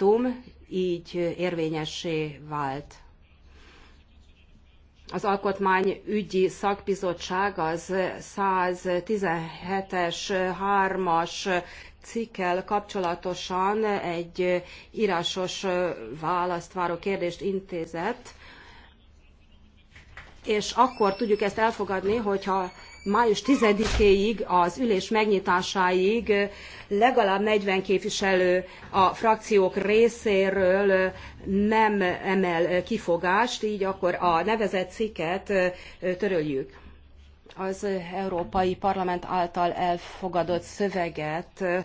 mandátum így érvényessé vált. Az alkotmány ügyi Szakbizottság az 117-es 3-as cikkel kapcsolatosan egy írásos választ váró kérdést intézett, és akkor tudjuk ezt elfogadni, hogyha május 10-éig, az ülés megnyitásáig legalább 40 képviselő a frakciók részéről nem emel kifogást, így akkor a nevezett cikket töröljük. Az Európai Parlament által elfogadott szöveget